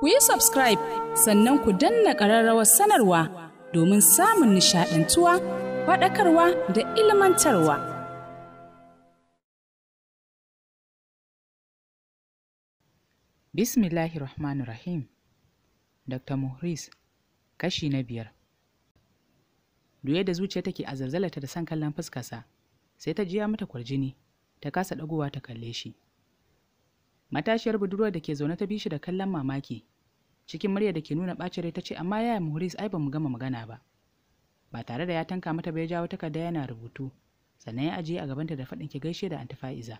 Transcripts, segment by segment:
ku yi subscribe sannan ku danna ƙararrawar sanarwa domin samun nishaɗantuwa faɗakarwa da ilmantarwa. Bismillahi Rahmanu Rahim Dr. Muhris kashi na biyar Duye da zuciya take a zarzalata da san kallon fuskarsa sai ta jiya mata kwarjini ta kasa ɗagowa ta kalle shi. matashiyar budurwar da ke zaune ta bi shi da kallon mamaki cikin murya da ke nuna ɓacin rai ta ce amma yaya muhris ai ba mu gama magana ba ba tare da ya tanka mata ba ya jawo takarda yana rubutu sannan ya ajiye a gabanta da faɗin ki gaishe da Faiza.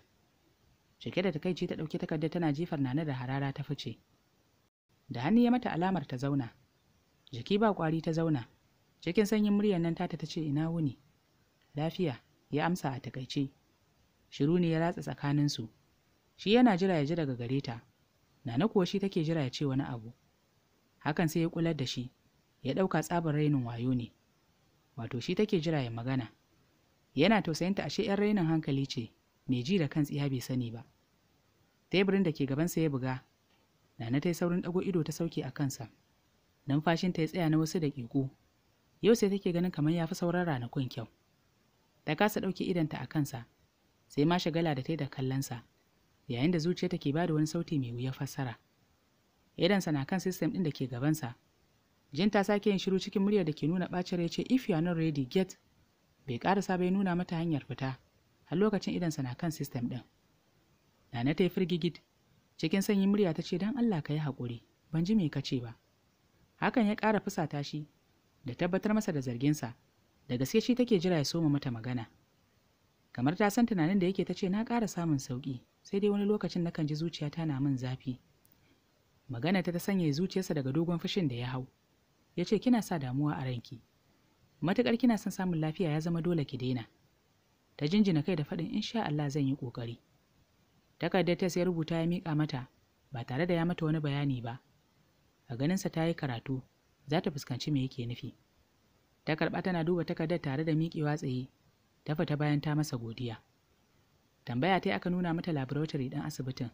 cike da takaici ta ɗauki takarda tana jifar nana da harara ta fice da hannu ya mata alamar ta zauna jiki ba ƙwari ta zauna cikin sanyin muryar nan tata ta ce ina wuni lafiya ya amsa a takaice shiru ne ya ratsa tsakaninsu shi yana jira ya ji daga gare ta nana kuwa shi take jira ya ce wani abu hakan sai ya kular da shi ya ɗauka tsabar rainin wayo ne wato shi take jira ya magana yana tausayinta ashe 'yan rainin hankali ce mai ji da kan tsiya bai sani ba teburin da ke gabansa ya buga nana ta yi saurin ɗago ido ta sauke a kansa Numfashin ta ya tsaya na wasu daƙiƙu yau sai take ganin kamar ya fi sauran ranakun kyau ta kasa ɗauke idanta a kansa sai ma shagala da ta yi da kallonsa yayin da zuciyarta ke bada wani sauti mai wuya fassara idansa na kan sistem ɗin da ke gabansa jin ta sake yin shiru cikin murya da ke nuna ɓacin ya ce if you are not ready get bai ƙarasa bai nuna mata hanyar fita har lokacin idansa na kan sistem ɗin nana ta yi firgigid cikin sanyin murya ta ce don allah ka yi haƙuri ban ji me ka ce ba hakan ya ƙara fusata shi da tabbatar masa da zarginsa da gaske shi take jira ya soma mata magana kamar ta san tunanin da yake ta ce na ƙara samun sauƙi sai dai wani lokacin nakan ji zuciyata na min zafi magana ta ta sanya zuciyarsa daga dogon fushin da ya hau ya ce kina sa damuwa a ranki Matukar kina son samun lafiya ya zama dole ki daina ta jinjina kai da faɗin in sha Allah zan yi ƙoƙari takardar ta sai rubuta ya miƙa mata ba tare da ya mata wani bayani ba a ganinsa ta yi karatu za ta fuskanci me yake nufi ta karɓa tana duba takardar tare da miƙewa tsaye ta fita bayan ta masa godiya tambaya ta aka nuna mata laboratory ɗin asibitin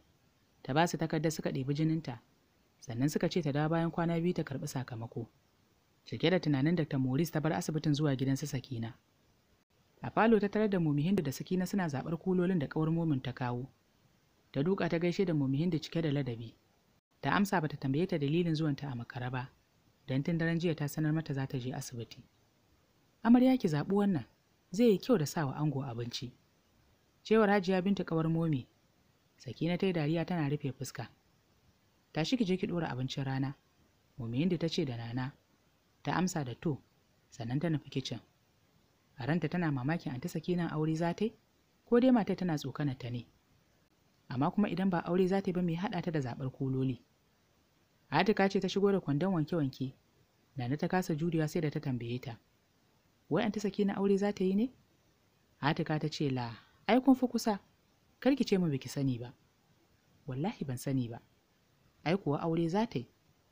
ta ba su takardar suka ɗebi jininta sannan suka ce ta dawo bayan kwana biyu ta karɓi sakamako cike da tunanin dr maurice ta bar asibitin zuwa gidan su sakina a falo ta tarar da mumihindu da sakina suna zaɓar kulolin da ƙawar momin ta kawo ta duka ta gaishe da mumihindu cike da ladabi ta amsa bata tambaye ta dalilin zuwanta a makara ba don tun daren jiya ta sanar mata za ta je asibiti amarya ki zaɓi wannan zai yi kyau da sawa ango abinci cewar hajiya binta kawar momi na ta yi dariya tana rufe fuska tashi ki je ki ɗora abincin rana momi da ta ce da nana ta amsa da to sannan ta nufi kicin a ranta tana mamakin anti sakinan aure za ta yi ko dai matar tana tsokanar ta ne amma kuma idan ba aure za ta yi ba mai haɗa ta da zaɓar kuloli. atika ce ta shigo da kwandon wanke-wanke nana ta kasa juriya sai da ta tambaye ta wai anti sakina aure za ta yi ne atika ta ce la ai kun fi kusa kar ki ce mu biki sani ba wallahi ban sani ba ai kuwa aure za ta yi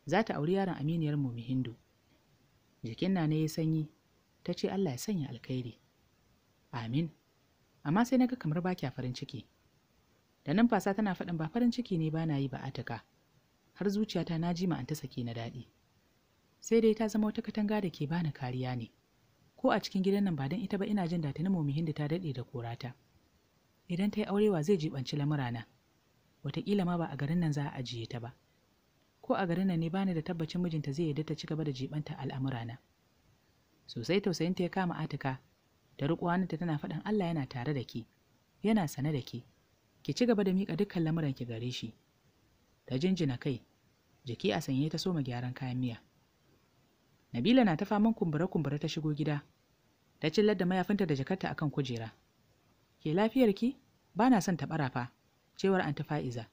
za ta auri yaron aminiyar mu hindu jikin na ne ya sanyi ta ce Allah ya sanya alkhairi amin amma sai na ga kamar ba kya farin ciki da nan tana faɗin ba farin ciki ne ba na yi ba taka har zuciyata na ji ma'anta sake na daɗi sai dai ta zama wata katanga da ke bani kariya ne ko a cikin gidan nan ba don ita ba ina jin da na na da ta daɗe da korata. idan ta yi aure wa zai jibanci lamurana wataƙila ma ba a garin nan za a ajiye ta ba ko a garin nan ne bani da tabbacin mijinta zai yarda ta ci gaba da jibanta na. sosai tausayinta ya kama atika da riƙo tana faɗin Allah yana tare da ke yana sane da ke ki ci gaba da miƙa dukkan lamuran ki gare shi ta jinjina kai jiki a sanye ta soma gyaran kayan miya Nabila na ta faman kumbura-kumbura ta shigo gida ta cillar da mayafinta da jakarta akan kujera Ke lafiyarki? Ba na son taɓara fa, cewar Anta Fa'iza.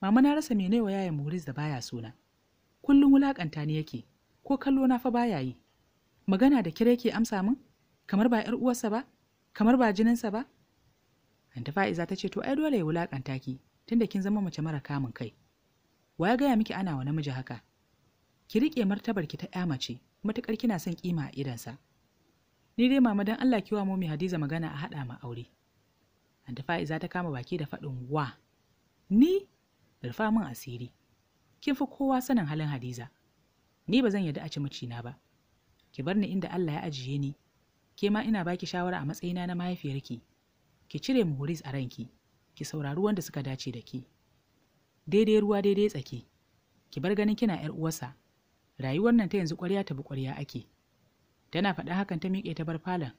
Mama na rasa mene wa yayan Muris da baya suna. Kullum wulaƙanta ni yake, ko kallo na fa baya yi. Magana da kira yake amsa min? Kamar ba ‘yar uwarsa ba? Kamar ba jininsa ba? Anta Fa'iza ta ce to ai dole ya wulaƙanta ki, tunda kin zama mace mara kamun kai. Wa ya gaya miki ana wa namiji haka? Ki riƙe martabar ki ta ‘ya mace, matuƙar kina son kima a idansa. ni dai mama dan Allah ki wa momi Hadiza magana a haɗa ma aure Anta Fa'iza ta kama baki da faɗin wa ni rufa min asiri kin fi kowa sanin halin Hadiza ni ba zan yarda a ci micina ba ki bar ni inda Allah ya ajiye ni ke ma ina baki shawara a matsayina na mahaifiyarki ki cire muhuris a ranki ki saurari wanda suka dace da ki daidai ruwa daidai tsaki ki bar ganin kina yar uwarsa rayuwar nan ta yanzu ƙwarya ta bi ƙwarya ake tana faɗa hakan ta miƙe ta bar falon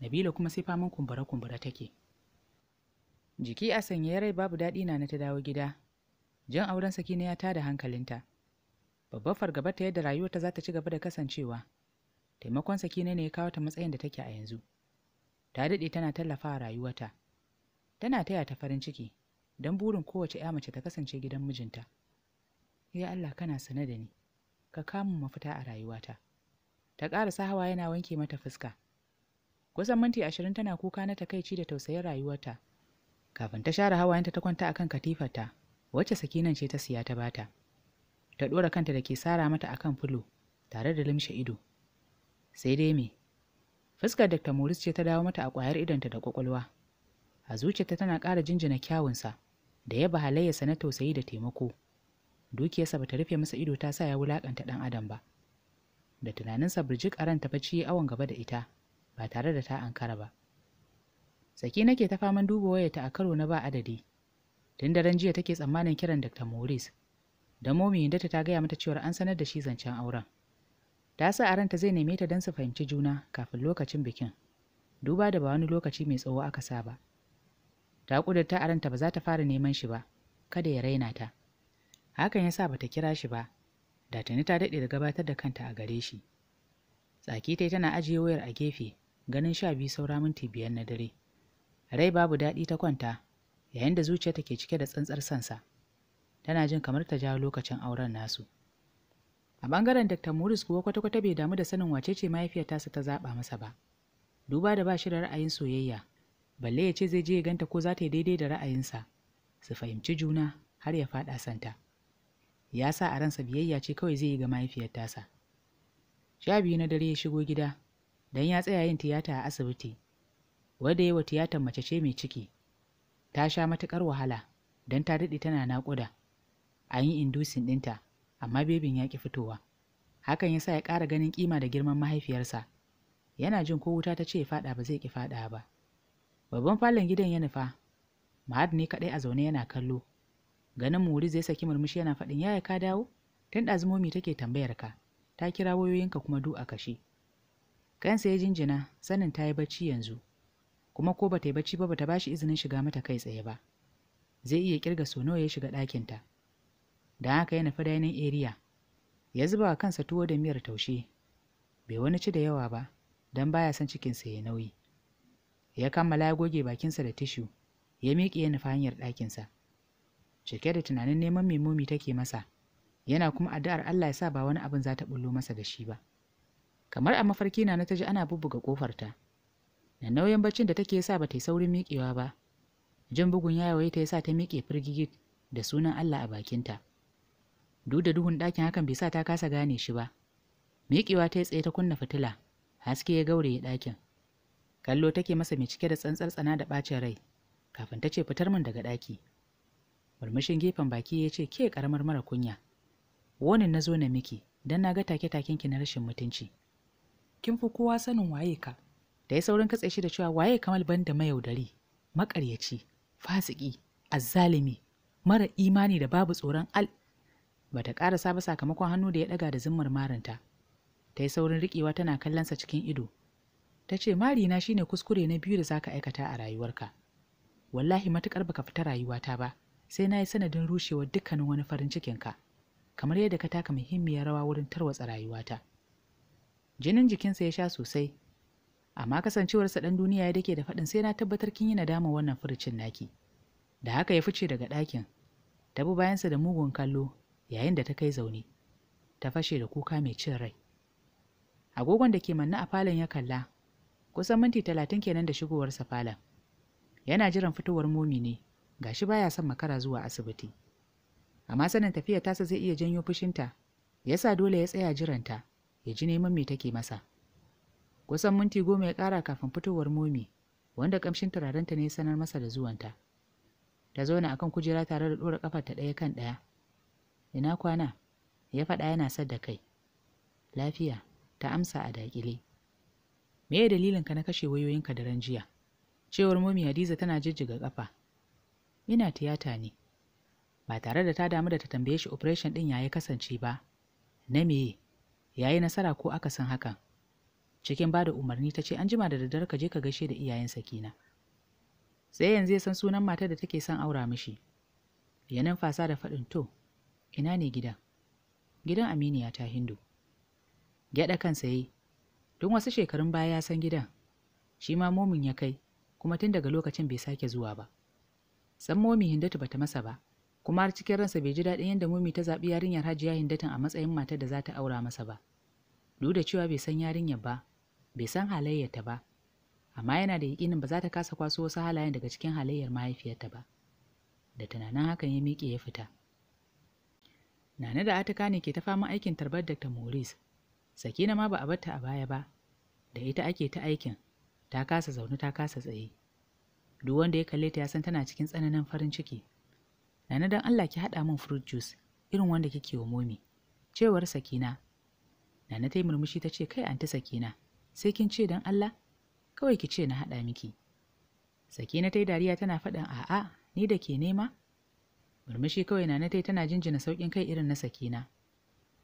nabila kuma sai faman kumbura kumbura take jiki a sanye rai babu daɗi na na ta dawo gida jan auren sakina ya tada hankalinta babbar fargaba ta yadda rayuwarta za ta ci gaba da kasancewa taimakon sakina ne ya kawo ta matsayin da take a yanzu ta daɗe tana tallafa a rayuwarta tana taya ta farin ciki don burin kowace ya mace ta kasance gidan mijinta ya Allah kana sane da ni ka kamun mafita a rayuwata ta ƙarasa hawa yana wanke mata fuska kusan minti ashirin tana kuka na takaici da tausayin rayuwarta kafin ta share hawayenta ta kwanta kan katifarta wacce sakinan ce ta siya ta bata ta ɗora kanta da ke sara mata akan fulo tare da limshe ido sai dai me fuskar dr morris ce ta dawo mata a ƙwayar idonta da ƙwaƙwalwa a zuciyarta tana ƙara jinjina kyawunsa da yaba halayyarsa na tausayi da taimako dukiyarsa ta rufe masa ido ta sa ya wulaƙanta ɗan adam ba da tunanin birjik a ta bacci awon gaba da ita ba tare da ta ankara ba saki nake ta faman duba wayarta a karo na ba adadi tun daren jiya take tsammanin kiran dr maurice da momi data ta gaya mata cewar an sanar da shi zancen auren ta sa aran ta zai neme ta don su fahimci juna kafin lokacin bikin duba da ba wani lokaci mai tsawo aka saba ta kudurta a ta ba za ta fara neman shi ba kada ya raina ta hakan ya sa ba ta kira shi ba da tuni ta daɗe da gabatar da kanta a gare shi tsaki ta tana ajiye wayar a gefe ganin sha biyu saura minti biyar na dare rai babu daɗi ta kwanta yayin da zuciyarta ke cike da tsantsar sansa tana jin kamar ta jawo lokacin auren nasu a ɓangaren dr morris kuwa kwata-kwata bai damu da sanin wace ce mahaifiyar tasa ta zaɓa masa ba duba da ba shi da ra'ayin soyayya balle ya ce zai je ya ganta ko za ta yi daidai da ra'ayinsa su fahimci juna har ya faɗa santa ya sa a ransa biyayya ce kawai zai yi ga mahaifiyar tasa sha biyu na dare ya shigo gida don ya tsaya yin tiyata a asibiti wadda yawa tiyatar mace ce mai ciki ta sha matukar wahala don ta daɗe tana naƙuda an yi indusin ɗinta amma bebin ya ƙi fitowa hakan ya sa ya ƙara ganin ƙima da girman mahaifiyarsa yana jin ko wuta ta ce faɗa ba zai ƙi faɗa ba babban falon gidan ya nufa Mahad ne kaɗai a zaune yana kallo ganin muri zai saki murmushi yana faɗin yaya ka dawo tun ɗazumomi take tambayar ka ta kira wayoyin ka kuma du a kashe kansa ya jinjina sanin ta yi bacci yanzu kuma ko bata yi bacci ba bata bashi izinin shiga mata kai tsaye ba zai iya kirga so nawa ya shiga ɗakinta da haka ya nufi dainin area ya zuba wa kansa tuwo da miyar taushe bai wani ci da yawa ba don baya son cikinsa ya nauyi ya kammala ya goge bakinsa da tishu ya miƙe ya nufa hanyar ɗakinsa cike da tunanin neman mai momi take masa yana kuma addu'ar Allah ya sa ba wani abin za ta bullo masa da shi ba kamar a mafarki na ta ji ana bubbuga ta da nauyin baccin da take sa ba ta yi saurin miƙewa ba jin bugun yayawaye ta yasa ta miƙe firgigit da sunan Allah a bakinta duk da duhun ɗakin hakan bai sa ta kasa gane shi ba miƙewa ta yi tsaye ta kunna fitila haske ya gaure ya ɗakin kallo take masa mai cike da tsantsar tsana da ɓacin rai kafin ta ce fitar min daga ɗaki murmushin gefen baki ya ce ke karamar mara kunya wonin na zo na miki don na ga take-taken ki na rashin mutunci kin fi kowa sanin waye ka da ya saurin katse shi da cewa waye kamal banda mayaudari maƙaryaci fasiki azzalimi mara imani da babu tsoron al bata ƙara saba sakamakon hannu da ya ɗaga da zimmar marinta ta yi saurin riƙewa tana kallonsa cikin ido ta ce marina shine kuskure na biyu da zaka aikata a rayuwarka wallahi matuƙar baka fita rayuwata ba sai na yi sanadin rushewar dukkanin wani farin cikinka kamar yadda ka taka muhimmiyar rawa wurin tarwatsa rayuwata jinin jikinsa ya sha sosai amma kasancewarsa dan duniya ya dake da faɗin sai na tabbatar kin yi nadama wannan furucin naki da haka ya fice daga ɗakin ta bi bayansa da mugun kallo yayin da ta kai zaune ta fashe da kuka mai cin rai agogon da ke manna a falon ya kalla kusan minti talatin kenan da shigowarsa falon yana jiran fitowar momi ne gashi baya son makara zuwa asibiti amma sanin tafiya tasa zai iya janyo fushinta yasa dole ya tsaya jiranta ya ji neman me take masa kusan minti goma ya ƙara kafin fitowar momi wanda kamshin turarenta ne sanar masa da zuwanta ta zauna akan kujera tare da ɗora ƙafarta ɗaya kan ɗaya ina kwana ya faɗa yana sad da kai lafiya ta amsa a daƙile me ya ka na kashe wayoyinka da jiya cewar momi hadiza tana jijjiga ƙafa Ina tiyata ne ba tare da ta damu da ta tambaye shi operation din ya kasance ba na meye ya yi nasara ko aka san hakan cikin bada umarni ta ce an jima da daddare ka je ka gaishe da iyayen sakina sai yanzu ya san sunan matar da take son aura mishi ya numfasa da faɗin to ina ne gidan gidan aminiya ta hindu gyaɗa kan yi Tun wasu shekarun baya ya san gidan shi ma momin ya kai kuma tun daga lokacin bai sake zuwa ba san momi hindatu bata masa ba kuma har cikin ransa bai ji daɗin yadda momi ta zaɓi yarinyar hajiya hindatun a matsayin matar da za ta aura masa ba duk da cewa bai san yarinyar ba bai san halayyarta ba amma yana da yaƙinin ba za ta kasa kwaso wasu halayen daga cikin halayyar mahaifiyarta ba da tunanin hakan ya miƙe ya fita nana da atika ne ke ta fama aikin tarbar dr Morris. sakina ma ba a batta a baya ba da ita ake ta aikin ta kasa zaune ta kasa tsaye Duk wanda ya kalle ta ya san tana cikin tsananin farin ciki. Nana dan Allah ki haɗa min fruit juice irin wanda kike wa momi. Cewar Sakina. Nana ta yi murmushi ta ce kai anti Sakina sai kin ce dan Allah kawai ki ce na haɗa miki. Sakina ta yi dariya tana faɗin a'a ni da ke nema? Murmushi kawai Nana ta yi tana jinjina sauƙin kai irin na Sakina.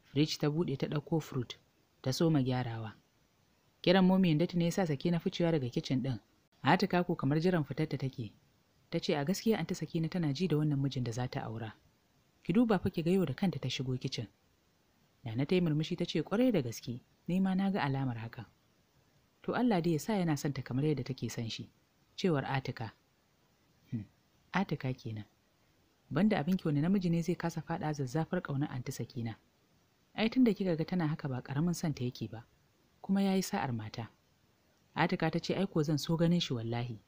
Fridge ta buɗe ta ɗauko fruit ta soma gyarawa. Kiran momi ta ne ya sa Sakina ficewa daga kicin ɗin. Atikako kamar jiran fitar ta take. Ta ce a gaskiya anta na Sakina tana ji da wannan mijin da za ta aura. Ki duba fa ki ga yau da kanta ta shigo kicin. Nana ta yi murmushi ta ce kwarai da gaske, ni ma na ga alamar haka To Allah dai ya sa yana son ta kamar yadda take son shi. Cewar Atika. Hmm. Atika kenan. Banda abin ki wani namiji ne zai kasa fada zazzafar kaunar anti Sakina. ai tunda kika ga tana haka ba karamin son ta yake ba kuma yayi sa'ar mata Atika ta ce aiko zan so ganin shi wallahi.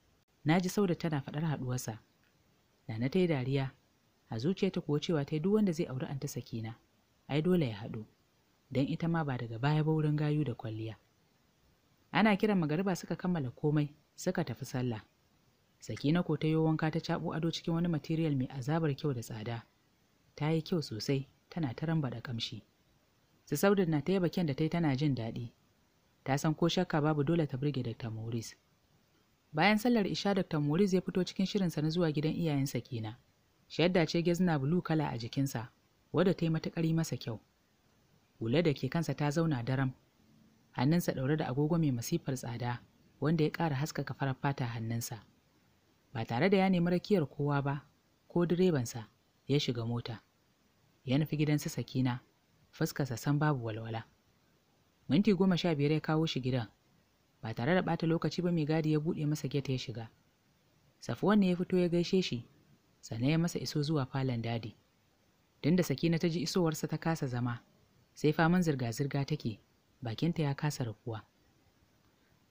naji ji sauda tana faɗar haɗuwarsa. Nana ta yi dariya, a zuciyarta kuwa cewa ta yi duk wanda zai auri an ta Saki na. ai dole ya haɗu, don ita ma ba daga baya ba wurin gayu da kwalliya. Ana kiran magariba suka kammala komai, suka tafi sallah. Sakina ko ta wanka ta caɓo ado cikin wani material mai azabar kyau da tsada. Ta yi kyau sosai, tana ta da kamshi. Su saudin na ta yaba kyan da ta yi tana jin daɗi, ta san ko shakka babu dole ta burge Dr. Morris. Bayan sallar isha Dr. Morris ya fito cikin shirinsa na zuwa gidan iyayensa kina. Shadda ce gezna blue kala a jikinsa, wadda ta yi masa kyau. Hula da ke kansa ta zauna daram. Hannunsa ɗaure da agogo mai masifar tsada, wanda ya ƙara haskaka farar fata hannunsa. Ba tare da ya nemi rakiyar kowa ba, ko direbansa, ya shiga mota. Ya nufi gidansa sakina, fuskarsa san babu walwala. minti goma sha biyar ya kawo shi gidan ba tare da ɓata lokaci ba mai gadi ya buɗe masa gate ya shiga safuwan ne ya fito ya gaishe shi sannan ya masa iso zuwa falon dadi tunda sakina ta ji isowarsa ta kasa zama sai faman zirga-zirga take bakinta ya kasa rakuwa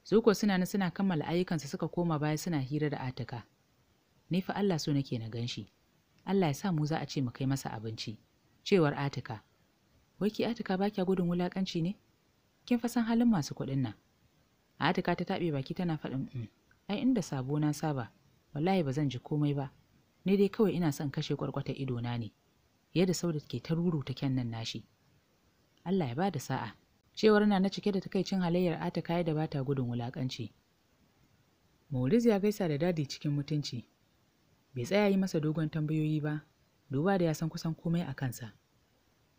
Zuko suna na suna kammala ayyukansa suka koma baya suna hira da Atika. Ni fa Allah so nake na ganshi. Allah ya sa mu za a ce mu kai masa abinci. Cewar Atika. Wai ki Atika ba gudun wulakanci ne? kin fa san halin masu kuɗin nan atika ta taɓe baki tana faɗin um ai inda sabo na saba wallahi ba zan ji komai ba ni dai kawai ina son kashe kwarkwata ido na ne yadda da ke ta ruru ta kyan nan nashi Allah ya bada sa'a cewar na na cike da takaicin halayyar atika da bata gudun wulakanci Mauriz ya gaisa da dadi cikin mutunci bai tsaya yi masa dogon tambayoyi ba duba da ya san kusan komai a kansa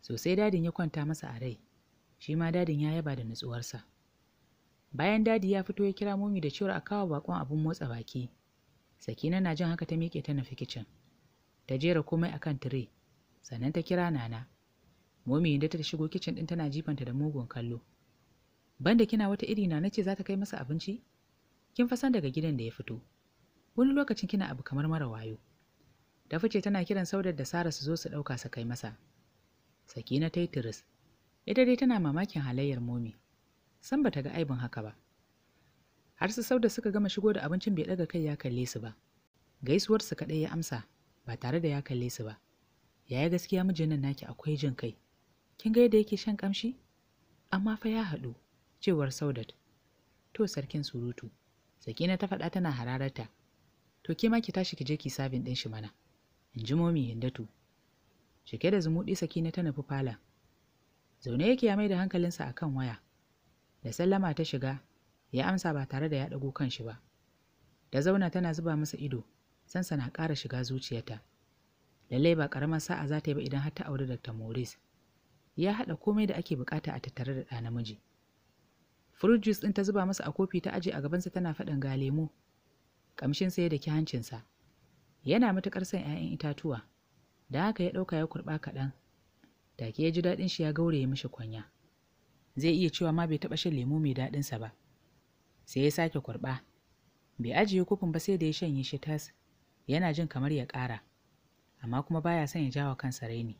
sosai dadin ya kwanta masa a rai shi ma dadin ya yaba da nutsuwarsa bayan dadi ya fito ya kira momi da cewar a kawo bakon abun motsa baki sakina na jin haka ta miƙe ta nufi kicin ta jera komai a kan tire sannan ta kira nana momi inda ta shigo kicin din tana jifanta da mugun kallo banda kina wata iri na ce za ta kai masa abinci kin fasan daga gidan da ya fito wani lokacin kina abu kamar mara wayo ta fice tana kiran saudar da sara su zo su ɗauka su kai masa sakina ta yi tiris ita dai tana mamakin halayyar momi san bata ga aibin haka ba har su sau da suka gama shigo da abincin bai daga kai ya kalle su ba gaisuwar su kaɗai ya amsa ba tare da ya kalle su ba yaya gaskiya mijin nan naki akwai jin kai kin ga yadda yake shan kamshi amma fa ya haɗu cewar saudat to sarkin surutu sakina ta faɗa tana hararata to ke ma ki tashi ki je ki sabin ɗin shi mana in ji momi hindatu Shike da zumuɗi sakina ta nufi fala zaune yake ya mai da hankalinsa a kan waya da sallama ta shiga ya amsa ba tare da ya ɗago kan shi ba da zauna tana zuba masa ido sansa na ƙara shiga zuciyarta lallai ba ƙaramar sa'a za ta yi ba idan har ta auri dr moris ya haɗa komai da ake buƙata a tattare da ɗa namiji fruit juice ɗin ta zuba masa a kofi ta aje a gabansa tana faɗin ga lemu ƙamshin sa ya daki hancinsa yana matuƙar son 'ya'yan itatuwa da haka ya ɗauka ya kurɓa kaɗan Take ya ji daɗin shi ya gauraye mishi kwanya. Zai iya cewa ma bai taɓa shan lemu mai daɗinsa ba. Sai ya sake kurɓa. Bai ajiye kofin ba sai da ya shanye shi tas. Yana jin kamar ya ƙara. Amma kuma baya son ya jawa kansa raini.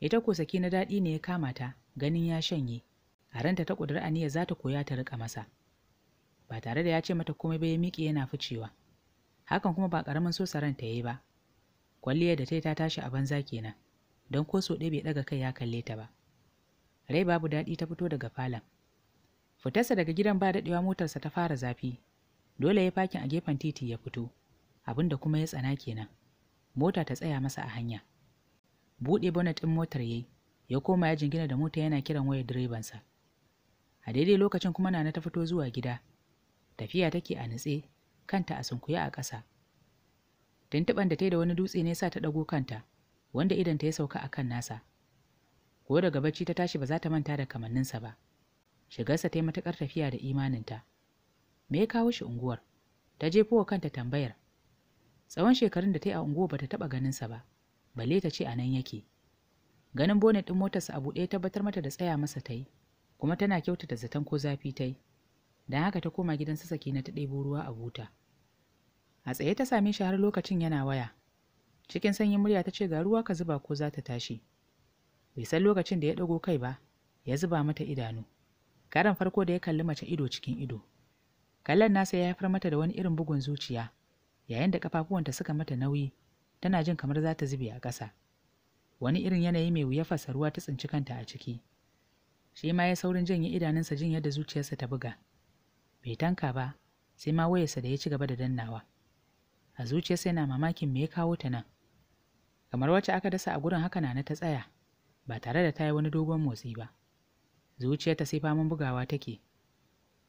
Ita ko saki na daɗi ne ya kama ta, ganin ya shanye. A ranta ta ƙudurar aniya za ta koya ta riƙa masa. Ba tare da ya ce mata komai ba ya miƙe yana ficewa. Hakan kuma ba ƙaramin so ya yi ba. Kwalliyar da ta yi ta tashi a banza kenan. don ko so ɗaya bai ɗaga kai ya kalle ta ba rai babu daɗi ta fito daga falon fitarsa daga gidan ba daɗewa motarsa ta fara zafi dole ya fakin a gefen titi ya fito abin da kuma ya tsana kenan mota ta tsaya masa a hanya buɗe bonnet ɗin motar yayi ya koma ya jingina da mota yana kiran wayar direbansa a daidai lokacin kuma nana ta fito zuwa gida tafiya take a nutse kanta a sunkuya a ƙasa tuntuɓan da ta yi da wani dutse ne sa ta ɗago kanta wanda idan ta ya sauka kan nasa ko daga bacci ta tashi ba za ta manta da kamanninsa ba shigarsa ta yi matuƙar tafiya da imaninta me ya kawo shi unguwar ta jefo wa kanta tambayar tsawon shekarun da ta yi a unguwa bata taɓa ganinsa ba balle ta ce a nan yake ganin bonet ɗin motarsa a buɗe ya tabbatar mata da tsaya masa ta yi kuma tana kyauta da zaton ko zafi ta yi don haka ta koma gidan sasaki na ta ɗebo ruwa a buta a tsaye ta same shi har lokacin yana waya cikin sanyin murya ta ce ga ruwa ka zuba ko za ta tashi bai san lokacin da ya ɗago kai ba ya zuba mata idanu karan farko da ya kalli mace ido cikin ido kallon nasa ya haifar mata da wani irin bugun zuciya yayin da kafafuwanta suka mata nauyi tana jin kamar za ta zube a ƙasa wani irin yanayi mai wuya fasa ruwa ta tsinci kanta a ciki shi ma ya saurin janye idanunsa jin yadda zuciyarsa ta buga bai tanka ba sai ma wayarsa da ya ci gaba da dannawa a zuciyarsa yana mamakin me ya kawo ta nan kamar wacce aka dasa a gurin haka na ta tsaya ba tare da ta yi wani dogon motsi ba zuciyarta sai faman bugawa take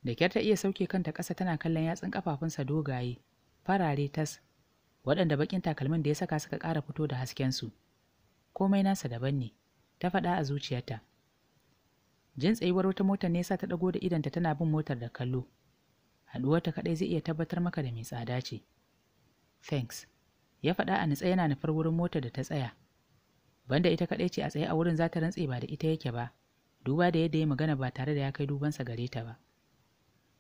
da kyar ta iya sauke kanta ƙasa tana kallon yatsun ƙafafunsa dogaye farare tas waɗanda baƙin takalmin da ya saka suka ƙara fito da haskensu komai nasa daban ne ta faɗa a zuciyarta jin tsayuwar wata motar nesa ta ɗago da idanta tana bin motar da kallo haɗuwarta kaɗai zai iya tabbatar maka da mai tsada ce thanks ya faɗa a nitsa yana nufar wurin motar da ta tsaya banda ita kaɗai ce a tsaye a wurin za ta rantse ba da ita yake ba duba da yadda ya magana ba tare da ya kai dubansa gare ta ba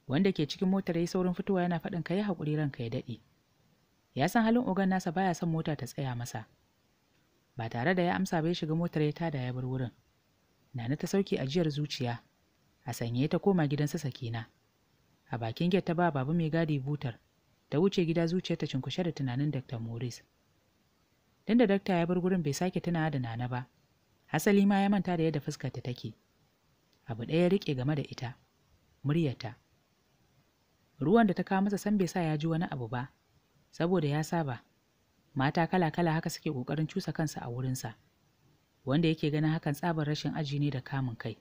wanda ke cikin motar ya yi saurin fitowa yana faɗin ka yi haƙuri ranka ya daɗe ya san halin ogan nasa baya son mota ta tsaya masa ba tare da ya amsa ba ya shiga motar ya tada ya bar wurin nana ta sauke ajiyar zuciya a sanye ta koma gidansa sakina a bakin get ta ba babu mai gadi butar ta wuce gida zuciyarta cinkushe da tunanin Dr. Morris. Dan da dakta ya bar gurin bai sake tuna da Nana ba, hasali ma ya manta da yadda ta take. Abu ɗaya ya riƙe game da ita, muryarta. Ruwan da ta kawo masa san bai sa ya ji wani abu ba, saboda ya saba. Mata kala-kala haka suke ƙoƙarin cusa kansa a wurinsa, wanda yake ganin hakan tsabar rashin aji ne da kamun kai.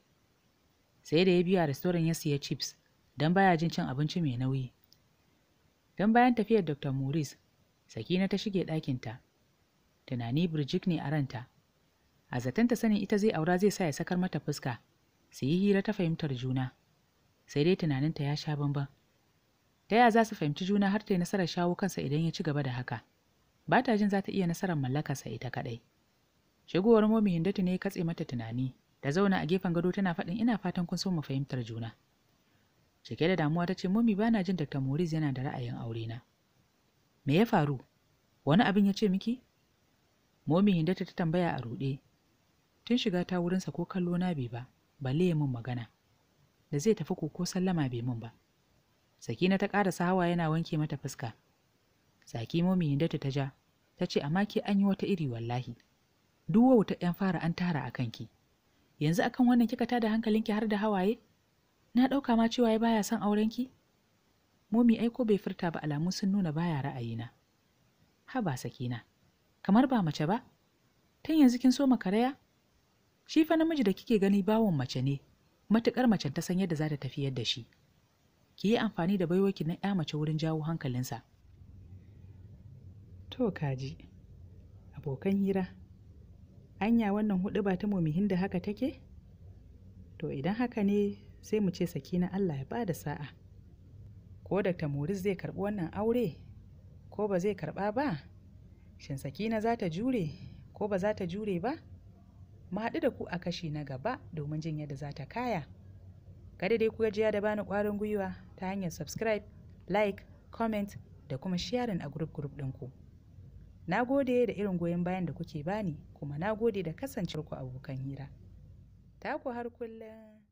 Sai da ya biya restoran ya siya chips don baya jin cin abinci mai nauyi. don bayan tafiyar dr maurice sakina ta shige ɗakinta tunani birjik ne a ranta a zaton ta sanin ita zai aura zai sa ya sakar mata fuska su yi hira ta fahimtar juna sai dai tunaninta ya sha bamban ta ya za su fahimci juna har ta yi nasarar shawo kansa idan ya ci gaba da haka ba ta jin za ta iya nasarar mallakarsa ita kaɗai shigowar momi hindatu ne ya katse mata tunani ta zauna a gefen gado tana faɗin ina fatan kun so mu fahimtar juna cike da damuwa ta ce mummy ba na jin dr maurice yana da ra'ayin aure na me ya faru wani abin ya ce miki momi hindata ta tambaya a ruɗe tun shiga ta wurinsa ko kallo na bai ba balle ya min magana da zai tafi ko ko sallama bai min ba sakina ta ƙara hawa yana wanke mata fuska saki momi hindata ta ja ta ce amma ke an yi wata iri wallahi duk wauta 'yan fara an tara a kanki yanzu akan wannan kika tada hankalinki har da hawaye na ɗauka ma cewa ya baya son aurenki momi aiko bai furta ba alamu sun nuna baya ra'ayina haba sakina kamar ba mace ba tun yanzu kin so makaraya shi fa namiji da kike gani bawon mace ne matukar mace ta san yadda za ta tafiyar da shi ki yi amfani da baiwarki na ya mace wurin jawo hankalinsa to kaji abokan hira anya wannan huɗu ba ta momihin da haka take to idan haka ne sai mu ce sakina Allah ya bada sa'a ko Dr. Moris zai karɓi wannan aure ko ba zai karɓa ba shin sakina za ta jure ko ba za ta jure ba mu haɗu da ku a kashi na gaba domin jin yadda za ta kaya kada dai ku gajiya da bani ƙwarin gwiwa ta hanyar subscribe like comment da kuma sharing a group group ɗinku na gode da irin goyon bayan da kuke bani kuma na gode da kasancewar ku abokan hira taku har kullum